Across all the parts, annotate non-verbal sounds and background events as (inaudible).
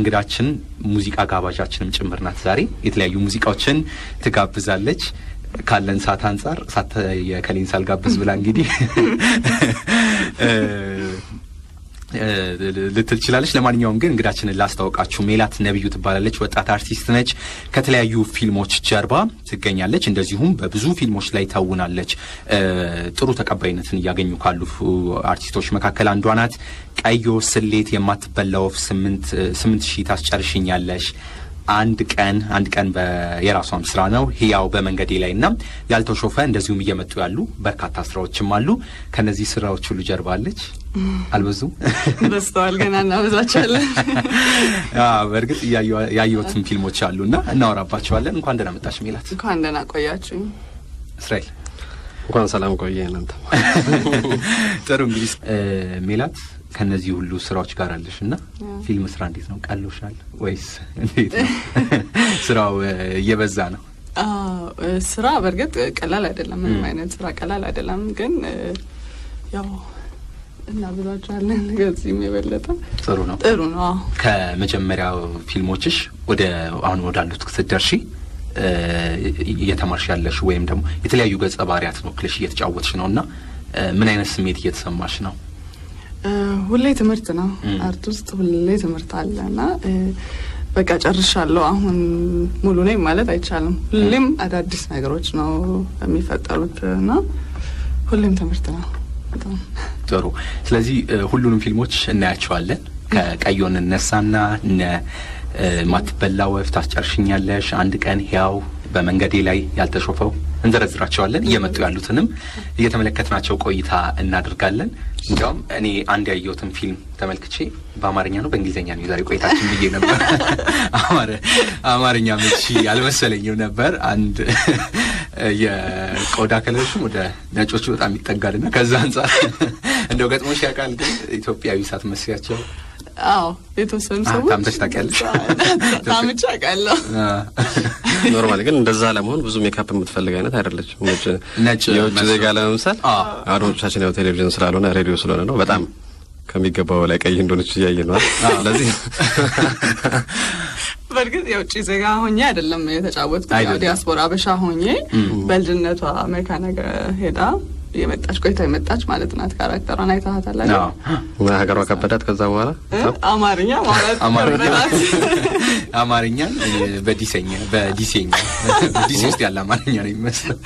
እንግዳችን ሙዚቃ ጋባዣችንም ጭምር ናት። ዛሬ የተለያዩ ሙዚቃዎችን ትጋብዛለች። ካለን ሰዓት አንጻር ሳት የከሌን ሳልጋብዝ ብላ እንግዲህ (laughs) ልትል ችላለች። ለማንኛውም ግን እንግዳችንን ላስታውቃችሁ። ሜላት ነብዩ ትባላለች። ወጣት አርቲስት ነች። ከተለያዩ ፊልሞች ጀርባ ትገኛለች። እንደዚሁም በብዙ ፊልሞች ላይ ታውናለች። ጥሩ ተቀባይነትን እያገኙ ካሉ አርቲስቶች መካከል አንዷ ናት። ቀዮ፣ ስሌት፣ የማትበላ ወፍ፣ ስምንት ሺህ ታስጨርሽኛለሽ አንድ ቀን አንድ ቀን የራሷም ስራ ነው ህያው በመንገዴ ላይ እና ያልተሾፈ እንደዚሁም እየመጡ ያሉ በርካታ ስራዎችም አሉ። ከነዚህ ስራዎች ሁሉ ጀርባለች አልበዙ በስተዋል ገና እናበዛቸዋለን። (laughs) በእርግጥ ያየሁትን ፊልሞች አሉ እና እናወራባቸዋለን። እንኳን ደህና መጣች ሜላት። እንኳን ደህና ቆያችሁ እስራኤል። እንኳን ሰላም ቆየ እናንተ። (laughs) ጥሩ እንግዲህ ሜላት ከነዚህ ሁሉ ስራዎች ጋር አለሽ እና ፊልም ስራ እንዴት ነው? ቀሎሻል ወይስ እንዴት ነው? (laughs) ስራው እየበዛ ነው። ስራ በእርግጥ ቀላል አይደለም። ምንም አይነት ስራ ቀላል አይደለም። ግን ያው እናብዛቸዋለን ከዚህም የበለጠ ጥሩ ነው ጥሩ ነው። ከመጀመሪያው ፊልሞችሽ ወደ አሁን ወዳሉት ክስደርሺ እየተማርሽ ያለሽ ወይም ደግሞ የተለያዩ ገጸ ባህሪያት ነው ክልሽ እየተጫወትሽ ነው እና ምን አይነት ስሜት እየተሰማሽ ነው? ሁሌ ትምህርት ነው። አርት ውስጥ ሁሌ ትምህርት አለ እና በቃ ጨርሻለሁ አሁን ሙሉ ነኝ ማለት አይቻልም። ሁሌም አዳዲስ ነገሮች ነው የሚፈጠሩት እና ሁሌም ትምህርት ነው። ጥሩ። ስለዚህ ሁሉንም ፊልሞች እናያቸዋለን። ከቀዮን እነሳና እነ ማትበላ ወፍ ታስጨርሽኛለሽ፣ አንድ ቀን ህያው፣ በመንገዴ ላይ ያልተሾፈው እንዘረዝራቸዋለን። እየመጡ ያሉትንም እየተመለከትናቸው ቆይታ እናደርጋለን። እንዲያውም እኔ አንድ ያየሁትን ፊልም ተመልክቼ በአማርኛ ነው በእንግሊዝኛ ነው የዛሬ ቆይታችን ብዬ ነበር። (laughs) አማርኛ ምቺ አልመሰለኝም ነበር። አንድ (laughs) የቆዳ ከለርሽም ወደ ነጮቹ በጣም ይጠጋልና ከዛ አንጻር (laughs) እንደው ገጥሞሽ ያውቃል? ግን ኢትዮጵያዊ መስያቸው አዎ የተወሰኑ ሰዎች ታምተሽ ታውቂያለሽ? ታምቼ አውቃለሁ። (laughs) ኖርማል ግን እንደዛ ለመሆን ብዙ ሜካፕ የምትፈልግ አይነት አይደለችም። ነጭ የውጭ ዜጋ ለመምሰል አድማጮቻችን ያው ቴሌቪዥን ስላልሆነ ሬዲዮ ስለሆነ ነው በጣም ከሚገባው ላይ ቀይ እንደሆነች እያየ ነዋል። ስለዚህ (laughs) በእርግጥ የውጭ ዜጋ ሆኜ አይደለም የተጫወትኩት፣ ዲያስፖራ አበሻ ሆኜ በልጅነቷ አሜሪካ ነገር ሄዳ የመጣች ቆይታ የመጣች ማለት ናት። ካራክተሯን አይተሃታል አይደል? ሀገሯ ከበዳት። ከዛ በኋላ አማርኛ ማለት አማርኛ በዲሴኛ በዲሴኛ ዲሴ ውስጥ ያለ አማርኛ ነው የሚመስለው።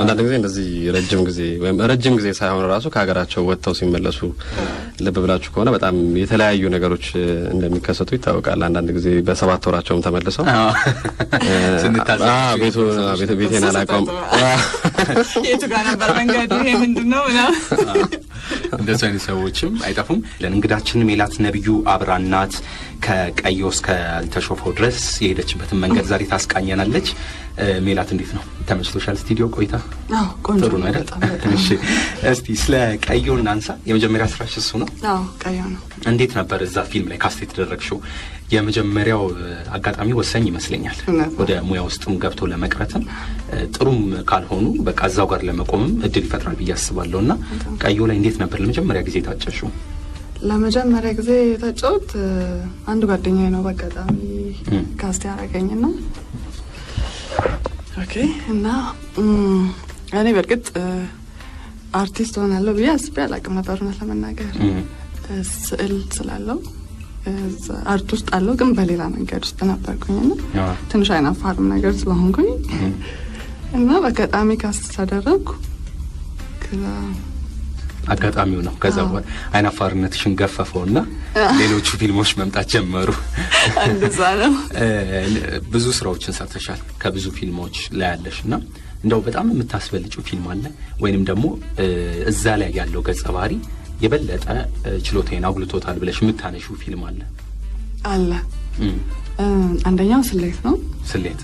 አንዳንድ ጊዜ እንደዚህ ረጅም ጊዜ ወይም ረጅም ጊዜ ሳይሆን ራሱ ከሀገራቸው ወጥተው ሲመለሱ ልብ ብላችሁ ከሆነ በጣም የተለያዩ ነገሮች እንደሚከሰቱ ይታወቃል። አንዳንድ ጊዜ በሰባት ወራቸውም ተመልሰው ቤቴን አላውቀውም የቱ ጋር ነበር መንገዱ እንደ እንደዚህ አይነት ሰዎችም አይጠፉም። ለእንግዳችን ሜላት ነቢዩ አብራናት እናት ከቀዮ እስከ ድረስ የሄደችበትን መንገድ ዛሬ ታስቃኘናለች። ሜላት እንዴት ነው ተመስሎሻል? ስቱዲዮ ቆይታ ጥሩ ነው አይደል? እስቲ ስለ ቀዩ እናንሳ። የመጀመሪያ ስራሽ እሱ ነው? አዎ ቀዩ ነው። እንዴት ነበር እዛ ፊልም ላይ ካስት የተደረግሽው? የመጀመሪያው አጋጣሚ ወሳኝ ይመስለኛል። ወደ ሙያ ውስጥም ገብቶ ለመቅረትም ጥሩም ካልሆኑ በቃ እዛው ጋር ለመቆምም እድል ይፈጥራል ብዬ አስባለሁ። እና ቀዩ ላይ እንዴት ነበር ለመጀመሪያ ጊዜ ታጨሹ ለመጀመሪያ ጊዜ ታጨውት አንድ ጓደኛ ነው በአጋጣሚ ካስት ያደረገኝና ኦኬ። እና እኔ በእርግጥ አርቲስት ሆናለሁ ብዬ አስቤ አላቅም ነበር እውነት ለመናገር ስዕል ስላለው አርት ውስጥ አለው ግን በሌላ መንገድ ውስጥ ና ትንሽ አይናፋርም ነገር ስለሆንኩኝ እና በአጋጣሚ ካስተዳደረግኩ አጋጣሚው ነው። ከዛ በኋላ አይናፋርነትሽን ገፈፈውና ሌሎቹ ፊልሞች መምጣት ጀመሩ። እንደዛ ነው። (laughs) ብዙ ስራዎችን ሰርተሻል። ከብዙ ፊልሞች ላይ ያለሽ እና እንደው በጣም የምታስበልጭው ፊልም አለ ወይንም ደግሞ እዛ ላይ ያለው ገጸ ባህሪ የበለጠ ችሎታዬን አጉልቶታል ብለሽ የምታነሺው ፊልም አለ? አለ። አንደኛው ስሌት ነው። ስሌት።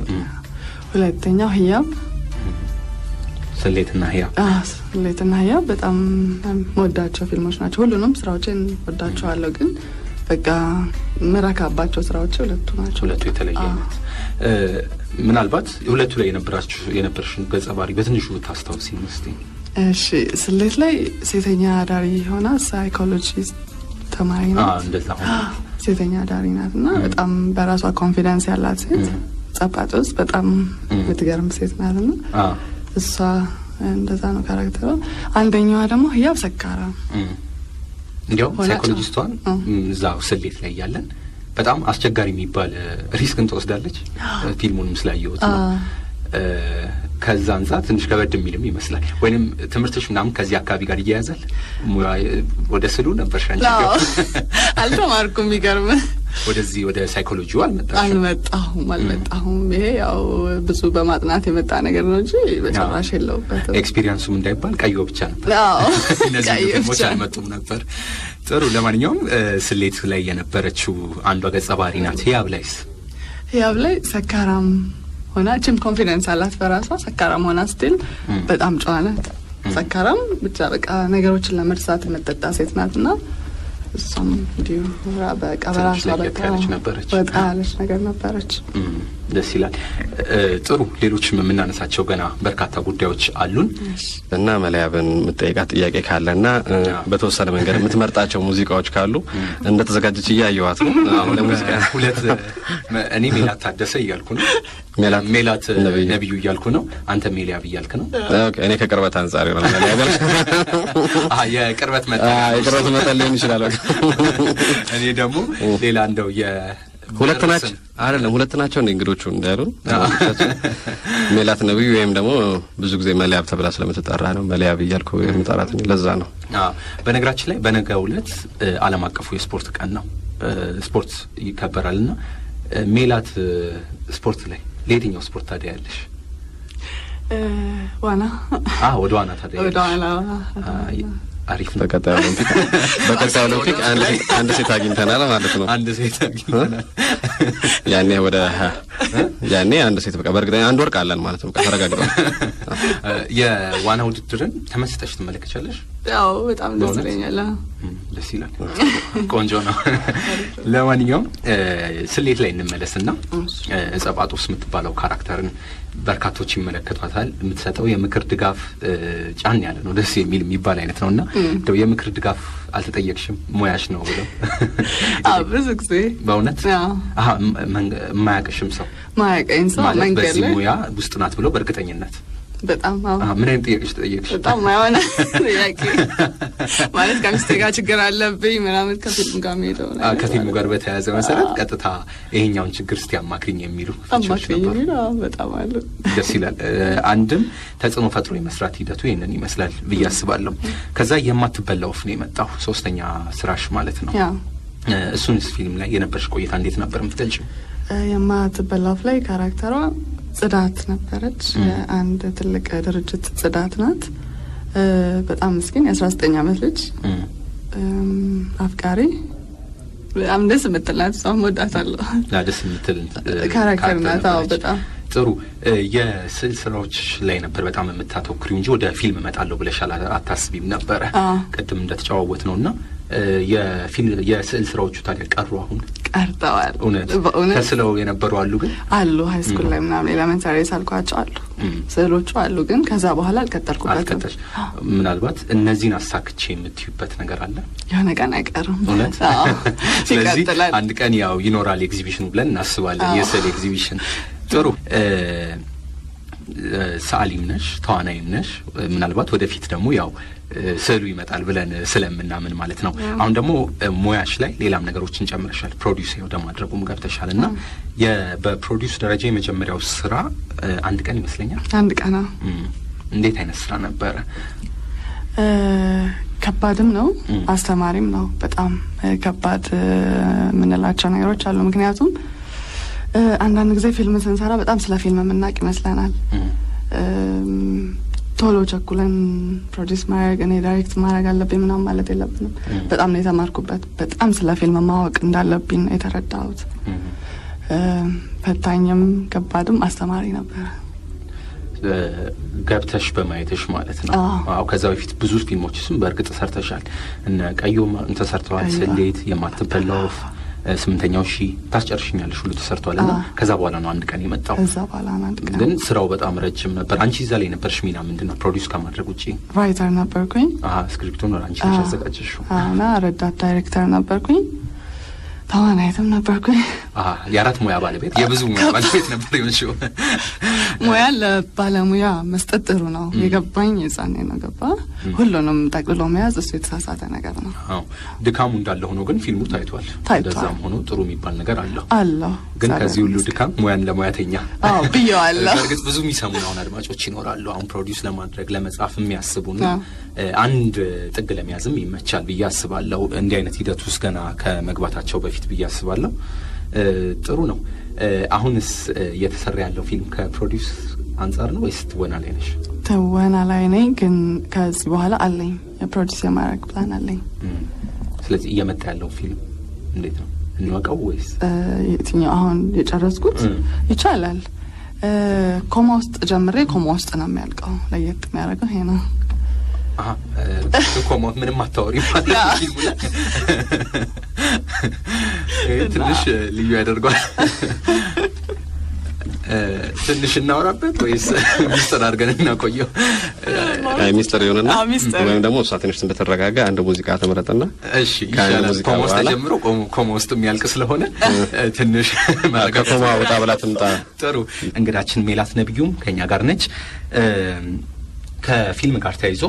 ሁለተኛው ህያብ ስሌትና ህያብ ስሌትና ህያብ በጣም መወዳቸው ፊልሞች ናቸው። ሁሉንም ስራዎችን ወዳቸዋለሁ፣ ግን በቃ ምረካባቸው ስራዎች ሁለቱ ናቸው። ሁለቱ የተለየ አይነት ምናልባት ሁለቱ ላይ የነበረሽን ገጸ ባህሪ በትንሹ ብታስታውስ ይመስለኝ። እሺ፣ ስሌት ላይ ሴተኛ አዳሪ የሆነ ሳይኮሎጂ ተማሪ ናት። ሴተኛ አዳሪ ናት እና በጣም በራሷ ኮንፊደንስ ያላት ሴት ጸጳጦስ በጣም የምትገርም ሴት ናት እና እሷ እንደዛ ነው ካራክተሯ። አንደኛዋ ደግሞ ህያብ ሰካራ እንዲያውም ሳይኮሎጂስቷን እዛው ስሌት ላይ ያለን በጣም አስቸጋሪ የሚባል ሪስክን ትወስዳለች። (gasps) ፊልሙንም ስላየሁት ነው ከዛ አንጻ ትንሽ ከበድ የሚልም ይመስላል። ወይም ትምህርቶች ምናምን ከዚህ አካባቢ ጋር እያያዛል። ወደ ስሉ ነበር ሻንቺ አልተማርኩም። የሚገርም ወደዚህ ወደ ሳይኮሎጂው አልመጣሁም አልመጣሁም አልመጣሁም። ይሄ ያው ብዙ በማጥናት የመጣ ነገር ነው እንጂ በጨራሽ የለውበትም። ኤክስፒሪየንሱም እንዳይባል ቀዮ ብቻ ነበር፣ (laughs) እነዚህ ሞች አልመጡም ነበር። ጥሩ። ለማንኛውም ስሌት ላይ የነበረችው አንዷ ገጸ ባህሪ ናት። ህያብ ላይስ ህያብ ላይ ሰካራም ሆና እችም ኮንፊደንስ አላት በራሷ ሰካራም ሆና ስትል በጣም ጨዋ ሰካራም ብቻ በቃ ነገሮችን ለመርሳት የምጠጣ ሴት ናት እና እሷም እንዲሁ በቃ በራሷ በጣም ወጣ ያለች ነገር ነበረች። ደስ ይላል። ጥሩ። ሌሎችም የምናነሳቸው ገና በርካታ ጉዳዮች አሉን እና መለያብን የምጠይቃት ጥያቄ ካለ እና በተወሰነ መንገድ የምትመርጣቸው ሙዚቃዎች ካሉ እንደተዘጋጀች እያየዋት ነው። (laughs) ሁለት እኔ ሜላት ታደሰ እያልኩ ነው፣ ሜላት ነብዩ እያልኩ ነው፣ አንተ ሜሊያብ እያልክ ነው። እኔ ከቅርበት አንጻር ይሆናል (laughs) የቅርበት መጠን ሊሆን ይችላል። እኔ ደግሞ ሌላ እንደው ሁለት ናቸው አይደለም፣ ሁለት ናቸው እንደ እንግዶቹ እንዳሉ ሜላት ነብዩ ወይም ደግሞ ብዙ ጊዜ መሊያብ ተብላ ስለምትጠራ ነው መሊያብ እያልኩ የምጠራት ለዛ ነው። በነገራችን ላይ በነገ ዕለት ዓለም አቀፉ የስፖርት ቀን ነው። ስፖርት ይከበራል እና ሜላት ስፖርት ላይ ለየትኛው ስፖርት ታዲያ ያለሽ? ዋና። ወደ ዋና ታዲያ አሪፍ በቀጣይ ኦሎምፒክ (laughs) በቀጣይ ኦሎምፒክ አንድ ሴት አግኝተናል ማለት ነው። አንድ ሴት አግኝተናል። (laughs) ያኔ ወደ ያኔ አንድ ሴት በቃ በእርግጠኛ አንድ ወርቅ አለን ማለት ነው። በቃ ተረጋግጠዋል። የዋና ውድድርን ተመስጠሽ ትመለከቻለሽ? ያው በጣም ደስ ይለኛል። ደስ ይላል። ቆንጆ ነው። ለማንኛውም ስሌት ላይ እንመለስና እጸጳጦስ የምትባለው ካራክተርን በርካቶች ይመለከቷታል። የምትሰጠው የምክር ድጋፍ ጫን ያለ ነው፣ ደስ የሚል የሚባል አይነት ነው እና እንደው የምክር ድጋፍ አልተጠየቅሽም? ሙያሽ ነው ብለው (laughs) ብዙ ጊዜ በእውነት ማያቅሽም ሰው ማያቀኝ ሰው መንገድ ሙያ ውስጥ ናት ብለው በእርግጠኝነት በጣም ምን አይነት ጥያቄ ጠየቅሽ? በጣም የሆነ ጥያቄ ማለት ከሚስቴ ጋር ችግር አለብኝ ምናምን ከፊልም ጋር የሚሄደው ከፊልሙ ጋር በተያያዘ መሰረት ቀጥታ ይሄኛውን ችግር እስቲ አማክሪኝ የሚሉ አማክሪኝ የሚሉ በጣም አለ። ደስ ይላል። አንድም ተጽዕኖ ፈጥሮ የመስራት ሂደቱ ይህንን ይመስላል ብዬ አስባለሁ። ከዛ የማትበላ ወፍ ነው የመጣው ሶስተኛ ስራሽ ማለት ነው። እሱንስ ፊልም ላይ የነበረሽ ቆይታ እንዴት ነበር የምትገልጪው? የማትበላ ወፍ ላይ ካራክተሯ ጽዳት ነበረች። አንድ ትልቅ ድርጅት ጽዳት ናት። በጣም ምስኪን የአስራ ዘጠኝ አመት ልጅ አፍቃሪ በጣም ደስ የምትላት ሰው እወዳታለሁ። ደስ የምትል ካራክተር ናት። አዎ በጣም ጥሩ የስዕል ስራዎች ላይ ነበር በጣም የምታተኩሪው እንጂ ወደ ፊልም እመጣለሁ ብለሻል አታስቢም ነበረ ቅድም እንደተጨዋወት ነው እና የስዕል ስራዎቹ ታዲያ ቀሩ አሁን ቀርተዋል። እውነት ተስለው የነበሩ አሉ ግን አሉ። ሀይስኩል ላይ ምናምን ኤለመንታሪ ሳልኳቸው አሉ፣ ስዕሎቹ አሉ። ግን ከዛ በኋላ አልቀጠርኩበትም። ምናልባት እነዚህን አሳክቼ የምትዩበት ነገር አለ የሆነ ቀን አይቀርም። እውነት (laughs) ስለዚህ አንድ ቀን ያው ይኖራል ኤግዚቢሽን ብለን እናስባለን። የስዕል ኤግዚቢሽን ጥሩ ሰዓሊም ነሽ፣ ተዋናይም ነሽ። ምናልባት ወደፊት ደግሞ ያው ስዕሉ ይመጣል ብለን ስለምናምን ማለት ነው። አሁን ደግሞ ሙያሽ ላይ ሌላም ነገሮችን ጨምረሻል። ፕሮዲውስ ወደ ማድረጉም ገብተሻል እና በፕሮዲውስ ደረጃ የመጀመሪያው ስራ አንድ ቀን ይመስለኛል አንድ ቀን እንዴት አይነት ስራ ነበረ? ከባድም ነው አስተማሪም ነው። በጣም ከባድ የምንላቸው ነገሮች አሉ ምክንያቱም አንዳንድ ጊዜ ፊልም ስንሰራ በጣም ስለ ፊልም የምናቅ ይመስለናል። ቶሎ ቸኩለን ፕሮዲስ ማድረግ እኔ ዳይሬክት ማድረግ አለብኝ ምናምን ማለት የለብንም። በጣም ነው የተማርኩበት። በጣም ስለ ፊልም ማወቅ እንዳለብኝ ነው የተረዳሁት። ፈታኝም ከባድም አስተማሪ ነበር። ገብተሽ በማየትሽ ማለት ነው። አዎ ከዛ በፊት ብዙ ፊልሞችስም በእርግጥ ሰርተሻል። እነ ቀዩ ተሰርተዋል፣ ስሌት፣ የማትበላው ወፍ ስምንተኛው ሺ ታስጨርሽኛለሽ ሁሉ ተሰርቷል እና ከዛ በኋላ ነው አንድ ቀን የመጣው። ከዛ በኋላ ነው አንድ ቀን። ግን ስራው በጣም ረጅም ነበር። አንቺ እዛ ላይ ነበርሽ። ሚና ምንድን ነው? ፕሮዲውስ ከማድረግ ውጪ ራይተር ነበርኩኝ። ስክሪፕቱን ነው አንቺ ነሽ ያዘጋጀሽው እና ረዳት ዳይሬክተር ነበርኩኝ። ተዋን አይተም ነበርኩኝ። የአራት ሙያ ባለቤት የብዙ ሙያ ባለቤት ነበር። የሆንሽው ሙያ ለባለሙያ መስጠት ጥሩ ነው። የገባኝ የጻኔ ነው ገባ ሁሉንም ጠቅልሎ መያዝ እሱ የተሳሳተ ነገር ነው። ድካሙ እንዳለ ሆኖ ግን ፊልሙ ታይቷል። ታይቷል ሆኖ ጥሩ የሚባል ነገር አለው አለው። ግን ከዚህ ሁሉ ድካም ሙያን ለሙያተኛ ብየዋለሁ። (laughs) እርግጥ ብዙ የሚሰሙ አሁን አድማጮች ይኖራሉ። አሁን ፕሮዲውስ ለማድረግ ለመጻፍ የሚያስቡና አንድ ጥግ ለመያዝም ይመቻል ብዬ አስባለሁ። እንዲህ አይነት ሂደት ውስጥ ገና ከመግባታቸው በፊት በፊት ብዬ አስባለሁ። ጥሩ ነው። አሁንስ እየተሰራ ያለው ፊልም ከፕሮዲስ አንጻር ነው ወይስ ትወና ላይ ነሽ? ትወና ላይ ነኝ፣ ግን ከዚህ በኋላ አለኝ የፕሮዲስ የማድረግ ፕላን አለኝ። ስለዚህ እየመጣ ያለው ፊልም እንዴት ነው እንወቀው ወይስ የትኛው? አሁን የጨረስኩት ይቻላል። ኮማ ውስጥ ጀምሬ ኮማ ውስጥ ነው የሚያልቀው። ለየት የሚያደርገው ይሄ ነው። ኮሞ ምንም አታወሪ ትንሽ ልዩ ያደርጓል። ትንሽ እናወራበት ወይስ ሚስጥር አድርገን እናቆየው? ሚስጥር ይሆንና ወይም ደግሞ እሷ ትንሽ እንደተረጋጋ አንድ ሙዚቃ ተመረጠና፣ እሺ ኮሞስ ተጀምሮ ኮሞ ውስጥ የሚያልቅ ስለሆነ ትንሽ ከኮማ ወጣ ብላ ትምጣ። ጥሩ እንግዳችን ሜላት ነቢዩም ከኛ ጋር ነች። ከፊልም ጋር ተያይዞ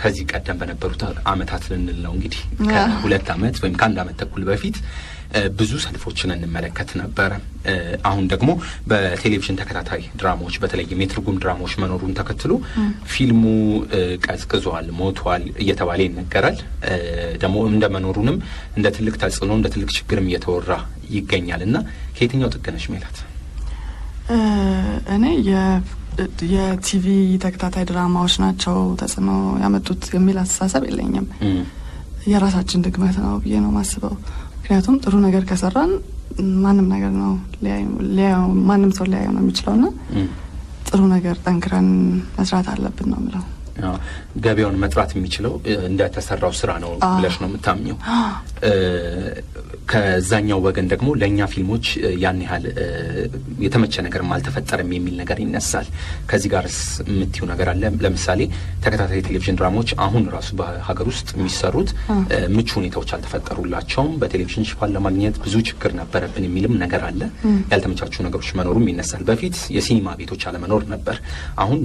ከዚህ ቀደም በነበሩት አመታት ልንል ነው እንግዲህ ከሁለት አመት ወይም ከአንድ አመት ተኩል በፊት ብዙ ሰልፎችን እንመለከት ነበረ። አሁን ደግሞ በቴሌቪዥን ተከታታይ ድራማዎች በተለይም የትርጉም ድራማዎች መኖሩን ተከትሎ ፊልሙ ቀዝቅዟል፣ ሞቷል እየተባለ ይነገራል። ደግሞ እንደ መኖሩንም እንደ ትልቅ ተጽዕኖ እንደ ትልቅ ችግርም እየተወራ ይገኛል እና ከየትኛው ጥቅነሽ ሜላት እኔ የቲቪ ተከታታይ ድራማዎች ናቸው ተጽዕኖ ያመጡት የሚል አስተሳሰብ የለኝም። የራሳችን ድግመት ነው ብዬ ነው ማስበው። ምክንያቱም ጥሩ ነገር ከሰራን ማንም ነገር ነው ማንም ሰው ሊያየው ነው የሚችለው ና ጥሩ ነገር ጠንክረን መስራት አለብን ነው ምለው ገቢውን መጥራት የሚችለው እንደተሰራው ስራ ነው ብለሽ ነው የምታምኘው? ከዛኛው ወገን ደግሞ ለእኛ ፊልሞች ያን ያህል የተመቸ ነገርም አልተፈጠረም የሚል ነገር ይነሳል። ከዚህ ጋር የምትዩ ነገር አለ? ለምሳሌ ተከታታይ የቴሌቪዥን ድራማዎች አሁን ራሱ በሀገር ውስጥ የሚሰሩት ምቹ ሁኔታዎች አልተፈጠሩላቸውም። በቴሌቪዥን ሽፋን ለማግኘት ብዙ ችግር ነበረብን የሚልም ነገር አለ። ያልተመቻቹ ነገሮች መኖሩም ይነሳል። በፊት የሲኒማ ቤቶች አለመኖር ነበር። አሁን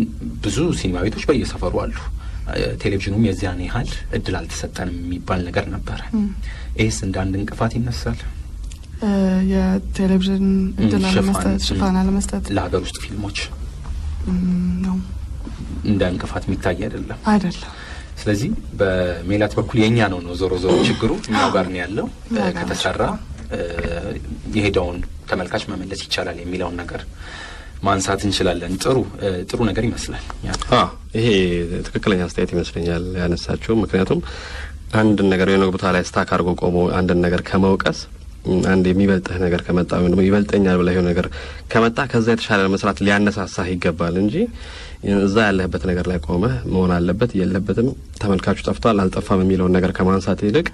ብዙ ሲኒማ ቤቶች በየሰፈሩ አሉ። ቴሌቪዥኑም የዚያን ያህል እድል አልተሰጠንም የሚባል ነገር ነበረ። ይህስ እንደ አንድ እንቅፋት ይነሳል። የቴሌቪዥን እድል አለመስጠት፣ ሽፋን አለመስጠት ለሀገር ውስጥ ፊልሞች ነው እንደ እንቅፋት የሚታይ አይደለም አይደለም። ስለዚህ በሜላት በኩል የእኛ ነው ነው ዞሮ ዞሮ ችግሩ እኛ ጋር ነው ያለው። ከተሰራ የሄደውን ተመልካች መመለስ ይቻላል የሚለውን ነገር ማንሳት እንችላለን። ጥሩ ጥሩ ነገር ይመስላል። ይሄ ትክክለኛ አስተያየት ይመስለኛል ያነሳችሁ። ምክንያቱም አንድን ነገር የሆነ ቦታ ላይ ስታክ አድርጎ ቆሞ አንድን ነገር ከመውቀስ አንድ የሚበልጥህ ነገር ከመጣ ወይም ደግሞ ይበልጠኛል ብላ የሆነ ነገር ከመጣ ከዛ የተሻለ መስራት ሊያነሳሳህ ይገባል እንጂ እዛ ያለህበት ነገር ላይ ቆመህ መሆን አለበት የለበትም፣ ተመልካቹ ጠፍቷል አልጠፋም የሚለውን ነገር ከማንሳት ይልቅ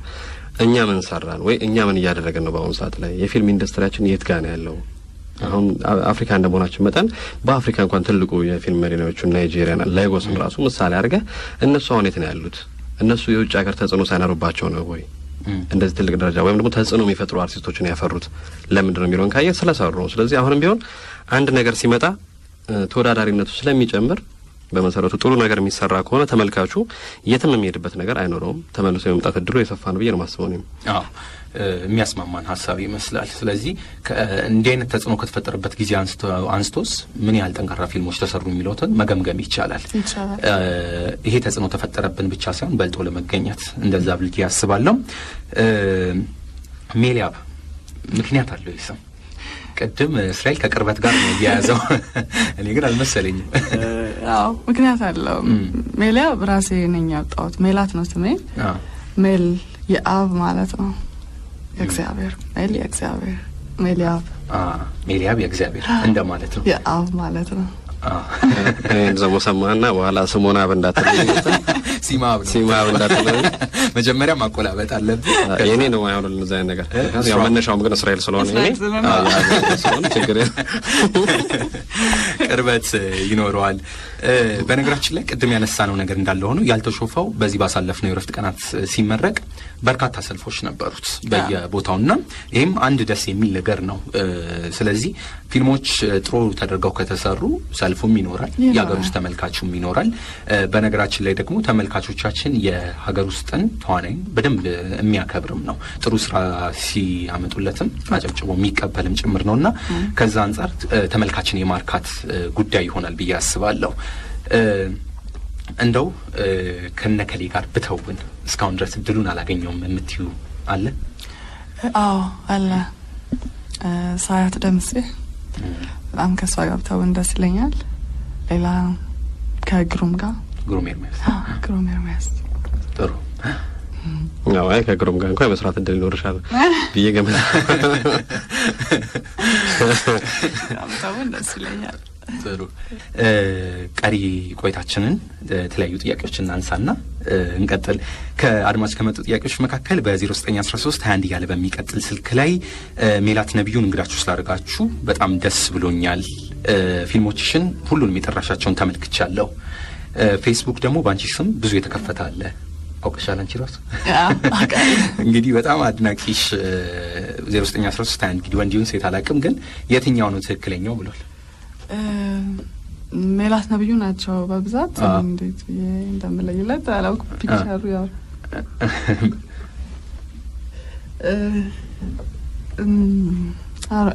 እኛ ምን ሰራን ወይ እኛ ምን እያደረገን ነው በአሁኑ ሰዓት ላይ የፊልም ኢንዱስትሪያችን የት ጋ ነው ያለው አሁን አፍሪካ እንደመሆናችን መጠን በአፍሪካ እንኳን ትልቁ የፊልም መዲናዎቹ ናይጄሪያና ላጎስን ራሱ ምሳሌ አድርገ እነሱ አሁን የት ነው ያሉት? እነሱ የውጭ ሀገር ተጽዕኖ ሳይኖርባቸው ነው ወይ እንደዚህ ትልቅ ደረጃ ወይም ደግሞ ተጽዕኖ የሚፈጥሩ አርቲስቶችን ያፈሩት ለምንድ ነው የሚለውን ካየ ስለሰሩ ነው። ስለዚህ አሁንም ቢሆን አንድ ነገር ሲመጣ ተወዳዳሪነቱ ስለሚጨምር በመሰረቱ ጥሩ ነገር የሚሰራ ከሆነ ተመልካቹ የትም የሚሄድበት ነገር አይኖረውም። ተመልሶ የመምጣት እድሉ የሰፋ ነው ብዬ ነው ማስበው። የሚያስማማን ሀሳብ ይመስላል። ስለዚህ እንዲህ አይነት ተጽዕኖ ከተፈጠረበት ጊዜ አንስቶስ ምን ያህል ጠንካራ ፊልሞች ተሰሩ የሚለውትን መገምገም ይቻላል። ይሄ ተጽዕኖ ተፈጠረብን ብቻ ሳይሆን በልጦ ለመገኘት እንደዛ ብልጌ ያስባለው። ሜሊያብ ምክንያት አለው ይህ ስም ቅድም እስራኤል ከቅርበት ጋር ነው እያያዘው፣ (laughs) እኔ ግን አልመሰለኝም። አዎ ምክንያት አለው። ሜሊያብ ራሴ ነኝ ያወጣሁት። ሜላት ነው ስሜ። ሜል የአብ ማለት ነው። የእግዚአብሔር ኤሊ እግዚአብሔር ኤልያብ ኤልያብ የእግዚአብሔር እንደ ማለት ነው፣ የአብ ማለት ነው። ደግሞ ሰማህና በኋላ ስሞን አብ እንዳትለኝ (laughs) ሲማብ ሲማብ እንዳትለኝ (laughs) መጀመሪያ ማቆላበጥ አለብህ። የኔ ነው አይሆኑል እዛ ነገር ያው መነሻውም ግን እስራኤል ስለሆነ ችግር (laughs) ቅርበት ይኖረዋል። በነገራችን ላይ ቅድም ያነሳነው ነገር እንዳለ ሆኖ ያልተሾፈው በዚህ ባሳለፍነው የረፍት ቀናት ሲመረቅ በርካታ ሰልፎች ነበሩት በየቦታውና ይህም አንድ ደስ የሚል ነገር ነው። ስለዚህ ፊልሞች ጥሩ ተደርገው ከተሰሩ ሰልፉም ይኖራል፣ የሀገር ውስጥ ተመልካቹም ይኖራል። በነገራችን ላይ ደግሞ ተመልካቾቻችን የሀገር ውስጥን ተዋናይ በደንብ የሚያከብርም ነው። ጥሩ ስራ ሲያመጡለትም አጨብጭቦ የሚቀበልም ጭምር ነው እና ከዛ አንጻር ተመልካችን የማርካት ጉዳይ ይሆናል ብዬ አስባለሁ። እንደው ከነከሌ ጋር ብተውን እስካሁን ድረስ እድሉን አላገኘውም የምትዩ አለ? አዎ አለ። ሳያት ደምሴ በጣም ከእሷ ጋር ብተውን ደስ ይለኛል። ሌላ ከግሩም ጋር ግሩም ኤርሚያስ ግሩም ኤርሚያስ ጥሩ ከግሩም ጋር እንኳ የመስራት እድል ይኖርሻል ብዬ ገመ (laughs) ደስ ይለኛል። ጥሩ ቀሪ ቆይታችንን የተለያዩ ጥያቄዎች እናንሳና እንቀጥል። ከአድማጭ ከመጡ ጥያቄዎች መካከል በ0913 21 እያለ በሚቀጥል ስልክ ላይ ሜላት ነቢዩን እንግዳችሁ ስላደርጋችሁ በጣም ደስ ብሎኛል። ፊልሞችሽን ሁሉንም የጠራሻቸውን ተመልክቻለሁ። ፌስቡክ ደግሞ በአንቺ ስም ብዙ የተከፈተ አለ አውቀሻል አንቺ ራሱ እንግዲህ በጣም አድናቂሽ ዜሮ ዘጠኝ አስራ ሶስት አንድ እንግዲህ ወንድ ይሁን ሴት አላውቅም፣ ግን የትኛው ነው ትክክለኛው ብሏል። ሜላት ነብዩ ናቸው በብዛት እንዴት እንደምለይለት አላውቅ። ፒክቸሩ ያው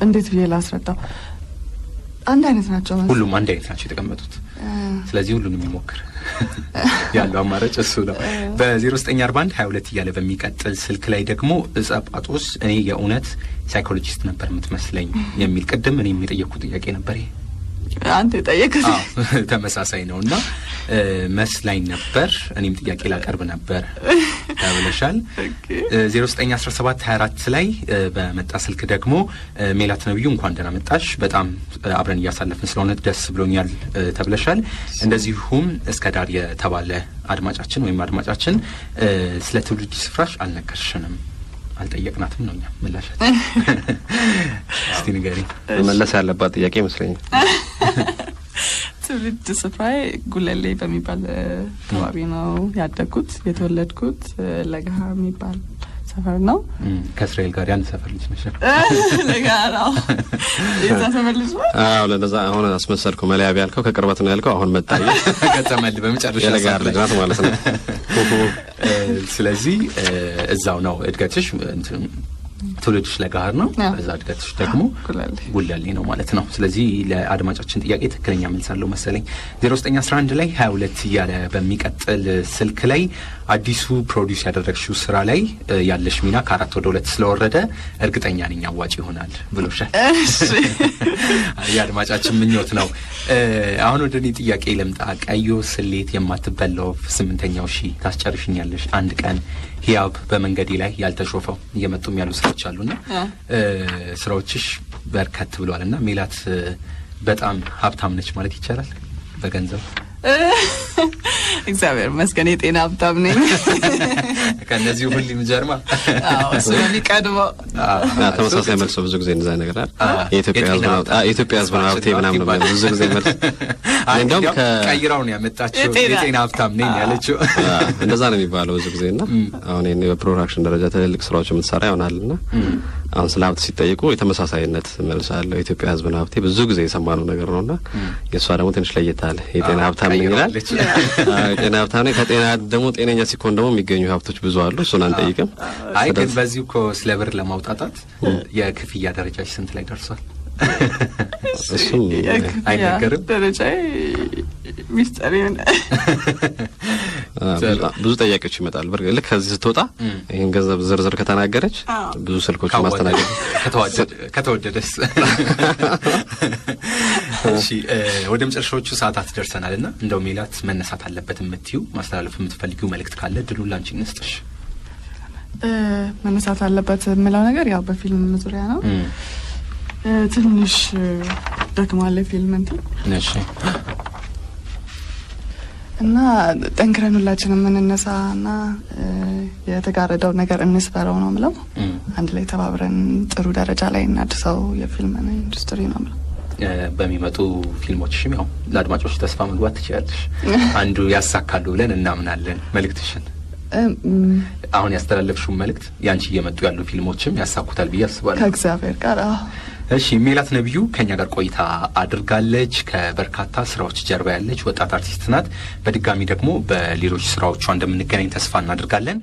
እንዴት ብዬ ላስረዳው፣ አንድ አይነት ናቸው ሁሉም አንድ አይነት ናቸው የተቀመጡት። ስለዚህ ሁሉንም ይሞክር ያለው አማራጭ እሱ ነው። በ0941 22 እያለ በሚቀጥል ስልክ ላይ ደግሞ ጳጦስ እኔ የእውነት ሳይኮሎጂስት ነበር የምትመስለኝ የሚል ቅድም እኔ የሚጠየቁ ጥያቄ ነበር። አንተ የጠየቅህ (laughs) ተመሳሳይ ነው እና መስላኝ ነበር። እኔም ጥያቄ ላቀርብ ነበር ተብለሻል። 091724 (laughs) ላይ በመጣ ስልክ ደግሞ ሜላት ነብዩ እንኳን ደህና መጣሽ፣ በጣም አብረን እያሳለፍን ስለሆነ ደስ ብሎኛል ተብለሻል። እንደዚሁም እስከ ዳር የተባለ አድማጫችን ወይም አድማጫችን ስለ ትውልድ ስፍራሽ አልነገርሽንም አልጠየቅናትም ነው እኛ ምላሻችን። (laughs) እስቲ ንገሪ። መለስ ያለባት ጥያቄ ይመስለኛል። (laughs) ትውልድ ስፍራዬ ጉለሌ በሚባል አካባቢ ነው ያደግኩት የተወለድኩት ለገሀ የሚባል ሰፈር ነው። ከእስራኤል ጋር ያን ሰፈር ልጅ ነሽ። ለጋራው የዛ ሰፈር ልጅ ነው። ለዛ አሁን አስመሰልኩ። መለያብ ያልከው ከቅርበት ነው ያልከው አሁን መጣየ ገጸመል። በመጨረሻ ለጋር ልጅ ናት ማለት ነው። ስለዚህ እዛው ነው እድገትሽ ትውልድሽ ለጋህር ነው፣ እዛ እድገትሽ ደግሞ ጉላሌ ነው ማለት ነው። ስለዚህ ለአድማጫችን ጥያቄ ትክክለኛ መልስ አለው መሰለኝ 0911 ላይ 22 እያለ በሚቀጥል ስልክ ላይ አዲሱ ፕሮዲስ ያደረግሽው ስራ ላይ ያለሽ ሚና ከአራት ወደ ሁለት ስለወረደ እርግጠኛ ነኝ አዋጭ ይሆናል ብሎሻል። የአድማጫችን ምኞት ነው። አሁን ወደ እኔ ጥያቄ ልምጣ። ቀዮ ስሌት የማትበለው ስምንተኛው ሺ ታስጨርሽኛለሽ አንድ ቀን ሂያብ በመንገዴ ላይ ያልተሾፈው እየመጡም ያሉ ሰዎች አሉና ስራዎችሽ በርከት ብለዋል እና ሜላት በጣም ሀብታም ነች ማለት ይቻላል በገንዘብ (laughs) እግዚአብሔር ይመስገን የጤና ሀብታም ነኝ። (laughs) ከእነዚህ ሁሉም ጀርማ እሱ የሚቀድመው ተመሳሳይ መልሶ ብዙ ጊዜ እንዛ ነገራል አለ። የኢትዮጵያ ሕዝብ ሀብቴ ምናምን ብዙ ጊዜ መልስ እንዲሁም ቀይራው ነው ያመጣችው። የጤና ሀብታም ነኝ ያለችው እንደዛ ነው የሚባለው ብዙ ጊዜ ና አሁን በፕሮዳክሽን ደረጃ ትልልቅ ስራዎች የምትሰራ ይሆናል ና አሁን ስለ ሀብት ሲጠይቁ የተመሳሳይነት መልስ አለው። የኢትዮጵያ ሕዝብን ሀብቴ ብዙ ጊዜ የሰማነው ነገር ነውና የእሷ ደግሞ ትንሽ ለየታለ የጤና ሀብታም ነኝ ይላል። የጤና ሀብታም ነኝ። ከጤና ደግሞ ጤነኛ ሲኮን ደግሞ የሚገኙ ሀብቶች ብዙ አሉ። እሱን አንጠይቅም። አይ ግን በዚሁ እኮ ስለ ብር ለማውጣጣት የክፍያ ደረጃች ስንት ላይ ደርሷል? እሱም አይነገርም። ደረጃ ሚስጠር ሆነ (laughs) ብዙ ጥያቄዎች ይመጣሉ። በርግ ልክ ከዚህ ስትወጣ ይህን ገንዘብ ዝርዝር ከተናገረች ብዙ ስልኮች ማስተናገድ ከተወደደስ። (laughs) እሺ ወደ መጨረሻዎቹ ሰዓታት ደርሰናል እና እንደው ሜላት መነሳት አለበት የምትዩ ማስተላለፍ የምትፈልጊው መልእክት ካለ ድሉን ላንቺ እንስጥሽ። መነሳት አለበት የምለው ነገር ያው በፊልም ዙሪያ ነው። ትንሽ ደክማለ ፊልም እንትን እና ጠንክረን ሁላችን የምንነሳ እና የተጋረደው ነገር እንስበረው ነው ምለው። አንድ ላይ ተባብረን ጥሩ ደረጃ ላይ እናድሰው የፊልም ኢንዱስትሪ ነው ምለው። በሚመጡ ፊልሞችሽም ያው ለአድማጮች ተስፋ መግባት ትችላለሽ። (laughs) አንዱ ያሳካሉ ብለን እናምናለን። መልእክትሽን አሁን ያስተላለፍሽውን መልእክት ያንቺ እየመጡ ያሉ ፊልሞችም ያሳኩታል ብዬ አስባለሁ ከእግዚአብሔር ጋር እሺ ሜላት ነቢዩ ከኛ ጋር ቆይታ አድርጋለች። ከበርካታ ስራዎች ጀርባ ያለች ወጣት አርቲስት ናት። በድጋሚ ደግሞ በሌሎች ስራዎቿ እንደምንገናኝ ተስፋ እናድርጋለን።